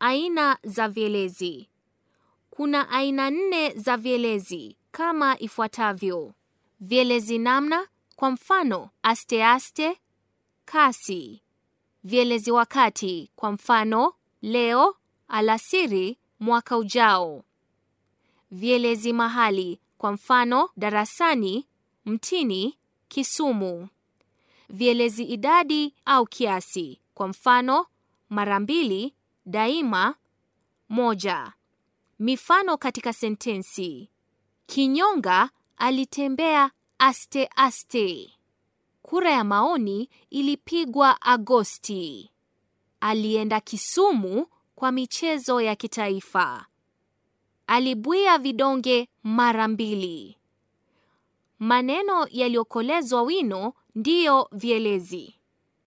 Aina za vielezi. Kuna aina nne za vielezi kama ifuatavyo: vielezi namna, kwa mfano asteaste, kasi; vielezi wakati, kwa mfano leo, alasiri, mwaka ujao; vielezi mahali, kwa mfano darasani, mtini, Kisumu; vielezi idadi au kiasi, kwa mfano mara mbili Daima. Moja. Mifano katika sentensi: kinyonga alitembea aste aste. Kura ya maoni ilipigwa Agosti. Alienda Kisumu kwa michezo ya kitaifa. Alibwia vidonge mara mbili. Maneno yaliyokolezwa wino ndiyo vielezi.